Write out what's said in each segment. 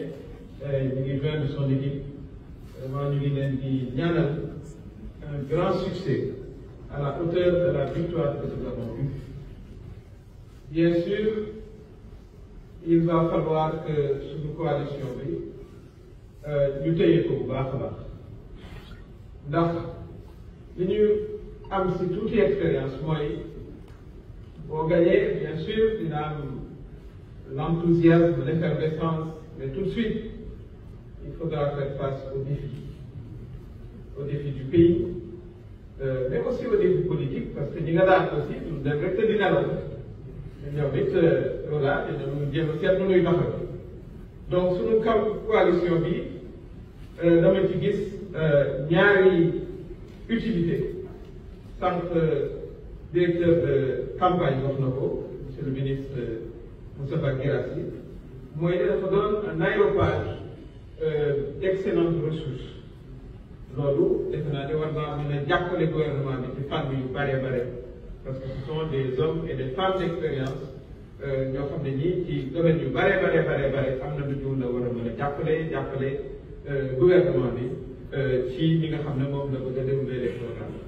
Eh, ñu ngi joindre son équipe vraiment ñu ngi leen di ñaanal un grand succès à la hauteur de la victoire que nous avons eue. bien sûr il va falloir que suñu coalition bi euh, ñu téye ko bu baax a baax ndax li ñu am si tuuti expérience mooy boo gagné bien sûr am. l'enthousiasme, l'effervescence, mais tout de suite, il faudra faire face aux défis. Aux défis du pays, euh, mais aussi aux défis politiques, parce que ñi nga daan aussi duñ dem rek di nelaw ñoom it voilà dinañu jéem a seetlu luy doxal donc suñu kaw coalition bi euh, dama ci gis euh, euh, de campagne wax na ko monsieur Moustapha Guirassy mooy ne dafa doon un aéroport euh, d'excellente ressource loolu defe naa ne war naa mën a jàppale gouvernement bi ci fànn yu bare bare parce que ce sont des hommes et des femmes d'expérience euh, ñoo xam ne nii ci domaine yu bare bare bare bare am na lu ñu la war a mën a jàppale jàppale euh, gouvernement bi ci li nga xam ne moom la bëgg a dérouler les programmes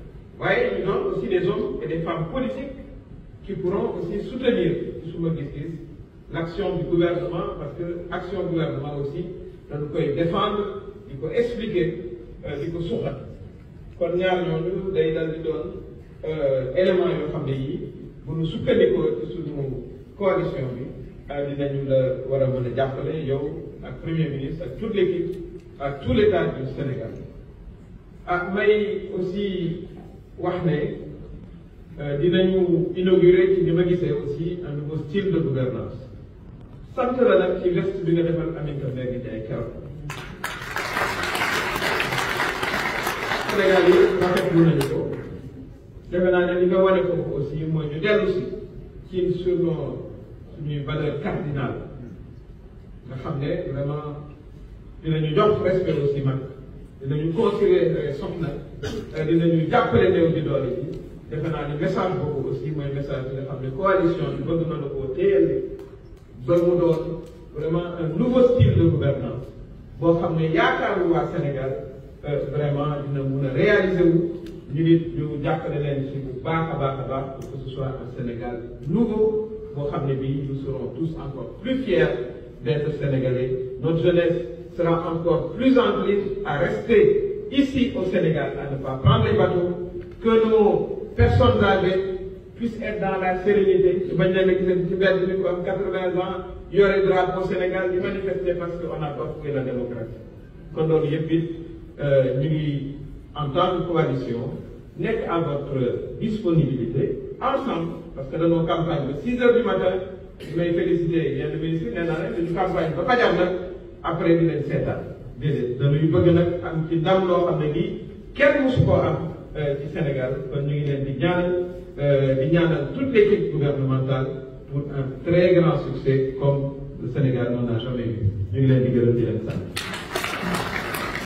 waaye ñu doon aussi des hommes et des femmes politiques qui pourront aussi soutenir suma gis-gis l'action du gouvernement parce que action gouvernement aussi dañu koy défendre di ko expliquer euh, di ko suqal kon ñaar ñooñu day dal di doon euh, élément yoo xam ne yii bu ñu sukkandikoo ci suñu coalition bi euh, dinañu la war a mën a jàppale yow ak premier ministre ak toute l'équipe ak tout l'état du Sénégal ah may aussi wax ne dinañu inaugurer ci ni ma gisee aussi un nouveau style de gouvernance sant la nag ci geste bi nga defal Aminata Mbengue Ndiaye keroog Sénégal yi rafetlu nañu ko defe naa ne li nga wane ko aussi mooy ñu dellu si ci suñu suñuy valeur cardinal nga xam ne vraiment dinañu jox respect aussi mag dinañu considérer soxna euh, dinañu jàppale néew di doole yi defe naa ne message boobu aussi mooy message bi nga xam ne coalition bi bëgg na la koo téye ba mu doon vraiment un nouveau style de gouvernance boo xam ne yaakaaru waa Sénégal euh, vraiment dina mun a réaliser wu ñu nit ñu jàppale leen ci bu baax pour que ce soit un Sénégal nouveau boo xam ne bii nous serons tous encore plus fiers d'être Sénégalais notre jeunesse sera encore plus encline à rester ici au Sénégal à ne pas prendre les bateaux que nos personnes âgées puissent être dans la sérénité ñu bañ leen a gisee ci benn nit ku am quatre di manifester parce on a bafoué la démocratie kon loolu yëpp it euh, ñu ngi en tant que coalition nekk à votre disponibilité ensemble parce que dañoo campagne ba six heures du matin ñu may féliciter yenn ministres nee naa leen dañu campagne ba fajam nag après di leen seetaan déedéet dañuy bëgg nag am ci ndam loo xam ne nii kenn am. Euh, ci Sénégal kon ñu ngi leen di ñaanal euh, di ñaanal toute l'équipe gouvernementale pour un très grand ñu ngi leen di gërëm di